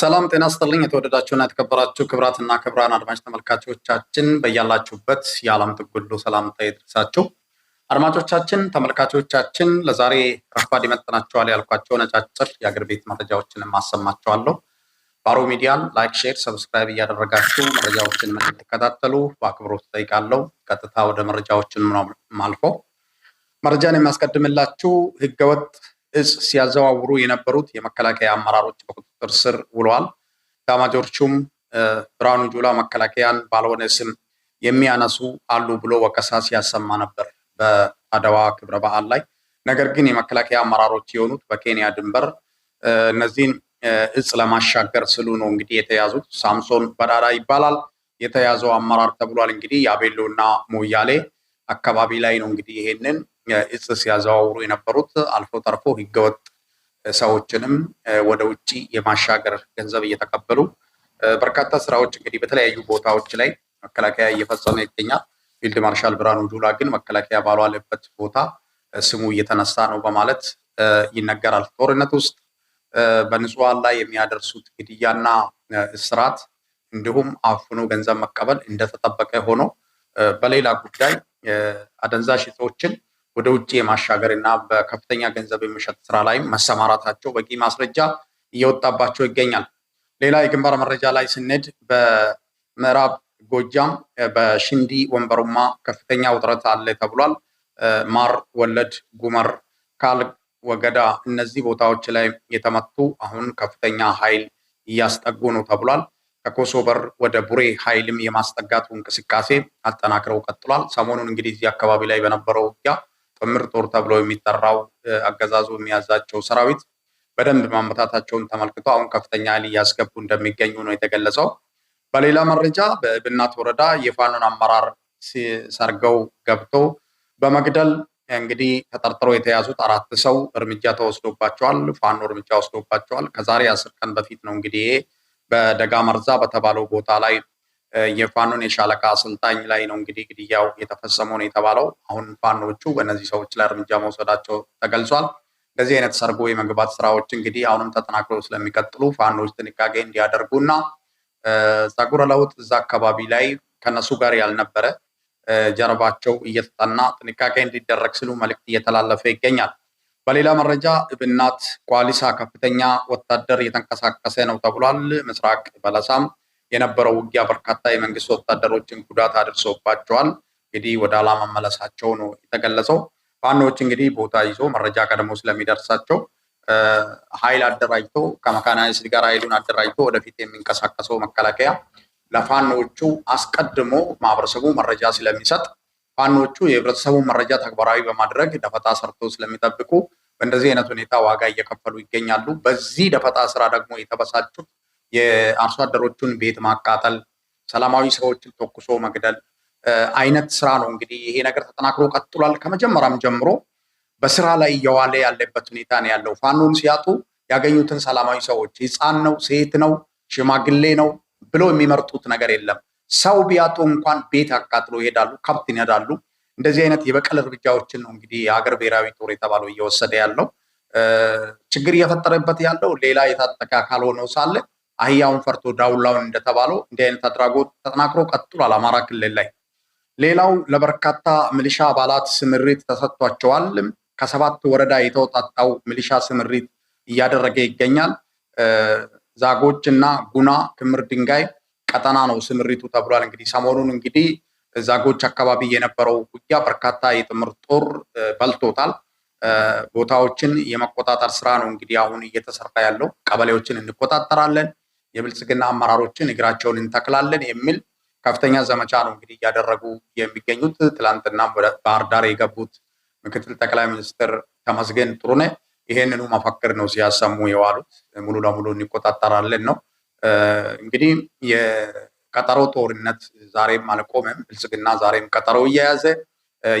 ሰላም ጤና ስጥልኝ። የተወደዳችሁና የተከበራችሁ ክብራትና ክብራን አድማጭ ተመልካቾቻችን በያላችሁበት የዓለም ጥግ ሁሉ ሰላምታ ይድረሳችሁ። አድማጮቻችን፣ ተመልካቾቻችን ለዛሬ ረፋድ ይመጥናችኋል ያልኳቸው ነጫጭር የአገር ቤት መረጃዎችንም አሰማችኋለሁ። ባሮ ሚዲያን ላይክ፣ ሼር፣ ሰብስክራይብ እያደረጋችሁ መረጃዎችን እንድትከታተሉ በአክብሮት ጠይቃለሁ። ቀጥታ ወደ መረጃዎችን ማልፎ መረጃን የሚያስቀድምላችሁ ህገወጥ እጽ ሲያዘዋውሩ የነበሩት የመከላከያ አመራሮች በቁጥጥር ስር ውለዋል። ኤታማዦርሹም ብርሃኑ ጁላ መከላከያን ባልሆነ ስም የሚያነሱ አሉ ብሎ ወቀሳ ሲያሰማ ነበር በአደዋ ክብረ በዓል ላይ። ነገር ግን የመከላከያ አመራሮች የሆኑት በኬንያ ድንበር እነዚህን እጽ ለማሻገር ስሉ ነው እንግዲህ የተያዙት። ሳምሶን በዳዳ ይባላል የተያዘው አመራር ተብሏል። እንግዲህ የአቤሎ እና ሞያሌ አካባቢ ላይ ነው እንግዲህ ይሄንን እጽ ሲያዘዋውሩ የነበሩት አልፎ ተርፎ ህገወጥ ሰዎችንም ወደ ውጭ የማሻገር ገንዘብ እየተቀበሉ በርካታ ስራዎች እንግዲህ በተለያዩ ቦታዎች ላይ መከላከያ እየፈጸመ ይገኛል። ፊልድ ማርሻል ብርሃኑ ጁላ ግን መከላከያ ባሏለበት ቦታ ስሙ እየተነሳ ነው በማለት ይነገራል። ጦርነት ውስጥ በንጹሃን ላይ የሚያደርሱት ግድያና እስራት እንዲሁም አፍኖ ገንዘብ መቀበል እንደተጠበቀ ሆኖ በሌላ ጉዳይ አደንዛዥ እጾችን ወደ ውጭ የማሻገር እና በከፍተኛ ገንዘብ የመሸጥ ስራ ላይ መሰማራታቸው በቂ ማስረጃ እየወጣባቸው ይገኛል። ሌላ የግንባር መረጃ ላይ ስንሄድ በምዕራብ ጎጃም በሽንዲ ወንበሩማ ከፍተኛ ውጥረት አለ ተብሏል። ማር ወለድ፣ ጉመር፣ ካል ወገዳ እነዚህ ቦታዎች ላይ የተመቱ አሁን ከፍተኛ ኃይል እያስጠጉ ነው ተብሏል። ከኮሶበር ወደ ቡሬ ኃይልም የማስጠጋቱ እንቅስቃሴ አጠናክረው ቀጥሏል። ሰሞኑን እንግዲህ እዚህ አካባቢ ላይ በነበረው ውጊያ ጥምር ጦር ተብሎ የሚጠራው አገዛዙ የሚያዛቸው ሰራዊት በደንብ ማመታታቸውን ተመልክቶ አሁን ከፍተኛ ኃይል እያስገቡ እንደሚገኙ ነው የተገለጸው። በሌላ መረጃ በእብናት ወረዳ የፋኖን አመራር ሰርገው ገብቶ በመግደል እንግዲህ ተጠርጥረው የተያዙት አራት ሰው እርምጃ ተወስዶባቸዋል። ፋኖ እርምጃ ወስዶባቸዋል። ከዛሬ አስር ቀን በፊት ነው እንግዲህ በደጋ መርዛ በተባለው ቦታ ላይ የፋኖን የሻለቃ አሰልጣኝ ላይ ነው እንግዲህ ግድያው የተፈጸመው ነው የተባለው። አሁን ፋኖቹ በእነዚህ ሰዎች ላይ እርምጃ መውሰዳቸው ተገልጿል። እንደዚህ አይነት ሰርጎ የመግባት ስራዎች እንግዲህ አሁንም ተጠናክረው ስለሚቀጥሉ ፋኖች ጥንቃቄ እንዲያደርጉ እና ጸጉረ ለውጥ እዛ አካባቢ ላይ ከነሱ ጋር ያልነበረ ጀርባቸው እየተጠና ጥንቃቄ እንዲደረግ ሲሉ መልእክት እየተላለፈ ይገኛል። በሌላ መረጃ እብናት ኳሊሳ ከፍተኛ ወታደር እየተንቀሳቀሰ ነው ተብሏል። ምስራቅ በለሳም የነበረው ውጊያ በርካታ የመንግስት ወታደሮችን ጉዳት አድርሶባቸዋል። እንግዲህ ወደ ኋላ መመለሳቸው ነው የተገለጸው። ፋኖዎች እንግዲህ ቦታ ይዞ መረጃ ቀድሞ ስለሚደርሳቸው ኃይል አደራጅቶ ከመካናይዝድ ጋር ኃይሉን አደራጅቶ ወደፊት የሚንቀሳቀሰው መከላከያ ለፋኖቹ አስቀድሞ ማህበረሰቡ መረጃ ስለሚሰጥ ፋኖቹ የህብረተሰቡን መረጃ ተግባራዊ በማድረግ ደፈጣ ሰርቶ ስለሚጠብቁ በእንደዚህ አይነት ሁኔታ ዋጋ እየከፈሉ ይገኛሉ። በዚህ ደፈጣ ስራ ደግሞ የተበሳጩት የአርሶ አደሮቹን ቤት ማቃጠል፣ ሰላማዊ ሰዎችን ተኩሶ መግደል አይነት ስራ ነው። እንግዲህ ይሄ ነገር ተጠናክሮ ቀጥሏል። ከመጀመሪያም ጀምሮ በስራ ላይ እየዋለ ያለበት ሁኔታ ነው ያለው። ፋኖን ሲያጡ ያገኙትን ሰላማዊ ሰዎች ህፃን ነው፣ ሴት ነው፣ ሽማግሌ ነው ብሎ የሚመርጡት ነገር የለም። ሰው ቢያጡ እንኳን ቤት አቃጥሎ ይሄዳሉ፣ ከብት ይነዳሉ። እንደዚህ አይነት የበቀል እርምጃዎችን ነው እንግዲህ የሀገር ብሔራዊ ጦር የተባለው እየወሰደ ያለው ችግር እየፈጠረበት ያለው ሌላ የታጠቀ አካል ሆነው ሳለ አህያውን ፈርቶ ዳውላውን እንደተባለው እንዲህ አይነት አድራጎት ተጠናክሮ ቀጥሏል አማራ ክልል ላይ። ሌላው ለበርካታ ሚሊሻ አባላት ስምሪት ተሰጥቷቸዋል። ከሰባት ወረዳ የተወጣጣው ሚሊሻ ስምሪት እያደረገ ይገኛል። ዛጎች እና ጉና ክምር ድንጋይ ቀጠና ነው ስምሪቱ ተብሏል። እንግዲህ ሰሞኑን እንግዲህ ዛጎች አካባቢ የነበረው ውጊያ በርካታ የጥምር ጦር በልቶታል። ቦታዎችን የመቆጣጠር ስራ ነው እንግዲህ አሁን እየተሰራ ያለው። ቀበሌዎችን እንቆጣጠራለን የብልጽግና አመራሮችን እግራቸውን እንተክላለን የሚል ከፍተኛ ዘመቻ ነው እንግዲህ እያደረጉ የሚገኙት። ትላንትና ባህር ዳር የገቡት ምክትል ጠቅላይ ሚኒስትር ተመስገን ጥሩነህ ይሄንኑ መፈክር ነው ሲያሰሙ የዋሉት። ሙሉ ለሙሉ እንቆጣጠራለን ነው እንግዲህ የቀጠሮ ጦርነት ዛሬም አልቆመም። ብልጽግና ዛሬም ቀጠሮ እየያዘ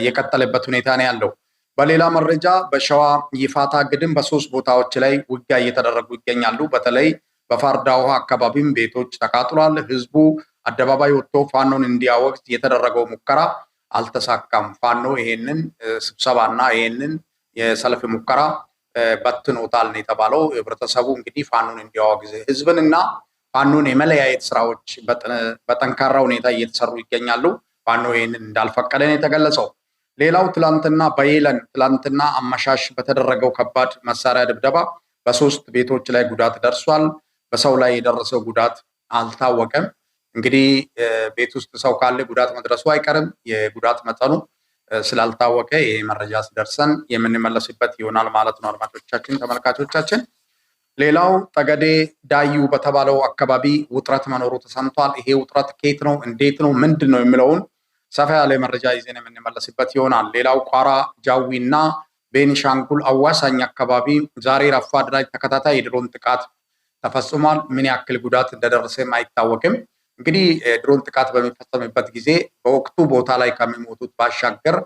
የቀጠለበት ሁኔታ ነው ያለው። በሌላ መረጃ በሸዋ ይፋታ ግድም በሶስት ቦታዎች ላይ ውጊያ እየተደረጉ ይገኛሉ። በተለይ በፋርዳ ውሃ አካባቢም ቤቶች ተቃጥሏል። ህዝቡ አደባባይ ወጥቶ ፋኖን እንዲያወግዝ የተደረገው ሙከራ አልተሳካም። ፋኖ ይሄንን ስብሰባና ይሄንን የሰልፍ ሙከራ በትኖታል ነው የተባለው። ህብረተሰቡ እንግዲህ ፋኖን እንዲያወግዝ ህዝብንና ፋኖን የመለያየት ስራዎች በጠንካራ ሁኔታ እየተሰሩ ይገኛሉ። ፋኖ ይህንን እንዳልፈቀደ ነው የተገለጸው። ሌላው ትላንትና በየለን ትላንትና አመሻሽ በተደረገው ከባድ መሳሪያ ድብደባ በሶስት ቤቶች ላይ ጉዳት ደርሷል። በሰው ላይ የደረሰው ጉዳት አልታወቀም። እንግዲህ ቤት ውስጥ ሰው ካለ ጉዳት መድረሱ አይቀርም። የጉዳት መጠኑ ስላልታወቀ ይሄ መረጃ ሲደርሰን የምንመለስበት ይሆናል ማለት ነው። አድማጮቻችን፣ ተመልካቾቻችን ሌላው ጠገዴ ዳዩ በተባለው አካባቢ ውጥረት መኖሩ ተሰምቷል። ይሄ ውጥረት ኬት ነው፣ እንዴት ነው፣ ምንድን ነው የሚለውን ሰፋ ያለ መረጃ ይዘን የምንመለስበት ይሆናል። ሌላው ኳራ ጃዊ እና ቤንሻንጉል አዋሳኝ አካባቢ ዛሬ ረፋድ ላይ ተከታታይ የድሮን ጥቃት ተፈጽሟል። ምን ያክል ጉዳት እንደደረሰም አይታወቅም። እንግዲህ ድሮን ጥቃት በሚፈጸምበት ጊዜ በወቅቱ ቦታ ላይ ከሚሞቱት ባሻገር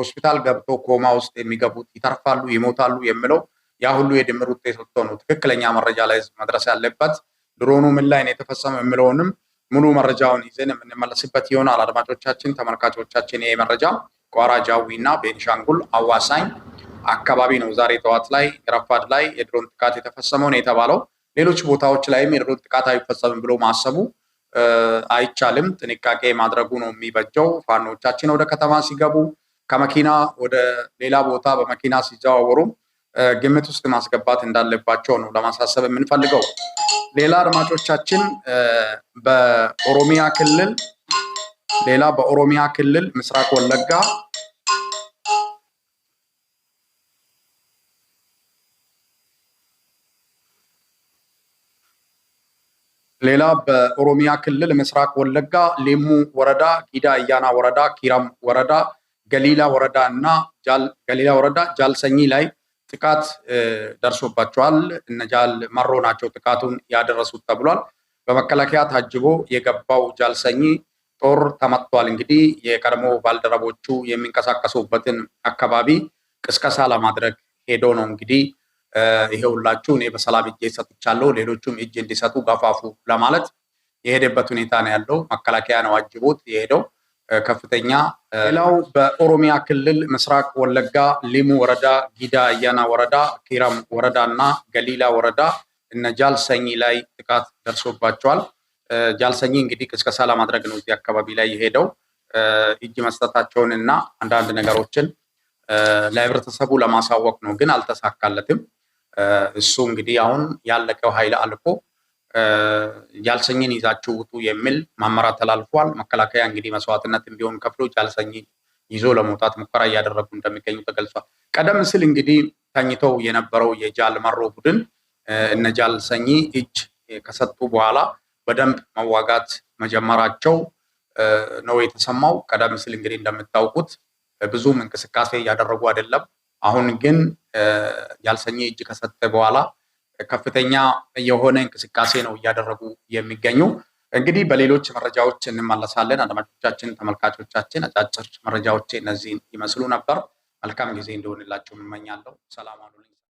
ሆስፒታል ገብቶ ኮማ ውስጥ የሚገቡት ይተርፋሉ፣ ይሞታሉ የሚለው ያ ሁሉ የድምር ውጤት ወጥቶ ነው ትክክለኛ መረጃ ላይ መድረስ ያለበት። ድሮኑ ምን ላይ ነው የተፈጸመ የምለውንም ሙሉ መረጃውን ይዘን የምንመለስበት ይሆናል። አድማጮቻችን፣ ተመልካቾቻችን ይሄ መረጃ ቋራ ጃዊ እና ቤንሻንጉል አዋሳኝ አካባቢ ነው ዛሬ ጠዋት ላይ ረፋድ ላይ የድሮን ጥቃት የተፈጸመው ነው የተባለው። ሌሎች ቦታዎች ላይም የድሮን ጥቃት አይፈጸምም ብሎ ማሰቡ አይቻልም። ጥንቃቄ ማድረጉ ነው የሚበጀው። ፋኖቻችን ወደ ከተማ ሲገቡ ከመኪና ወደ ሌላ ቦታ በመኪና ሲዘዋወሩም ግምት ውስጥ ማስገባት እንዳለባቸው ነው ለማሳሰብ የምንፈልገው። ሌላ አድማጮቻችን በኦሮሚያ ክልል ሌላ በኦሮሚያ ክልል ምስራቅ ወለጋ ሌላ በኦሮሚያ ክልል ምስራቅ ወለጋ ሌሙ ወረዳ፣ ጊዳ እያና ወረዳ፣ ኪራም ወረዳ፣ ገሊላ ወረዳ እና ገሊላ ወረዳ ጃልሰኚ ላይ ጥቃት ደርሶባቸዋል። እነ ጃል መሮ ናቸው ጥቃቱን ያደረሱት ተብሏል። በመከላከያ ታጅቦ የገባው ጃልሰኚ ጦር ተመቷል። እንግዲህ የቀድሞ ባልደረቦቹ የሚንቀሳቀሱበትን አካባቢ ቅስቀሳ ለማድረግ ሄዶ ነው እንግዲህ ይሄውላችሁ እኔ በሰላም እጄ ሰጥቻለሁ፣ ሌሎቹም እጅ እንዲሰጡ ገፋፉ ለማለት የሄደበት ሁኔታ ነው ያለው። መከላከያ ነው አጅቦት የሄደው ከፍተኛ። ሌላው በኦሮሚያ ክልል ምስራቅ ወለጋ ሊሙ ወረዳ፣ ጊዳ አያና ወረዳ፣ ኪረም ወረዳ እና ገሊላ ወረዳ እነ ጃልሰኝ ላይ ጥቃት ደርሶባቸዋል። ጃልሰኝ እንግዲህ ቅስቀሳ ለማድረግ ነው እዚህ አካባቢ ላይ የሄደው እጅ መስጠታቸውን እና አንዳንድ ነገሮችን ለህብረተሰቡ ለማሳወቅ ነው፣ ግን አልተሳካለትም። እሱ እንግዲህ አሁን ያለቀው ኃይል አልፎ ጃልሰኝን ይዛችሁ ውጡ የሚል ማመራ ተላልፏል። መከላከያ እንግዲህ መስዋዕትነት ቢሆን ከፍሎ ጃልሰኝ ይዞ ለመውጣት ሙከራ እያደረጉ እንደሚገኙ ተገልጿል። ቀደም ሲል እንግዲህ ተኝተው የነበረው የጃል መሮ ቡድን እነ ጃልሰኝ እጅ ከሰጡ በኋላ በደንብ መዋጋት መጀመራቸው ነው የተሰማው። ቀደም ሲል እንግዲህ እንደምታውቁት ብዙም እንቅስቃሴ እያደረጉ አይደለም። አሁን ግን ያልሰኘ እጅ ከሰጠ በኋላ ከፍተኛ የሆነ እንቅስቃሴ ነው እያደረጉ የሚገኙ። እንግዲህ በሌሎች መረጃዎች እንመለሳለን። አድማጮቻችን፣ ተመልካቾቻችን አጫጭር መረጃዎች እነዚህን ይመስሉ ነበር። መልካም ጊዜ እንደሆንላችሁ እመኛለሁ። ሰላም አሉልኝ።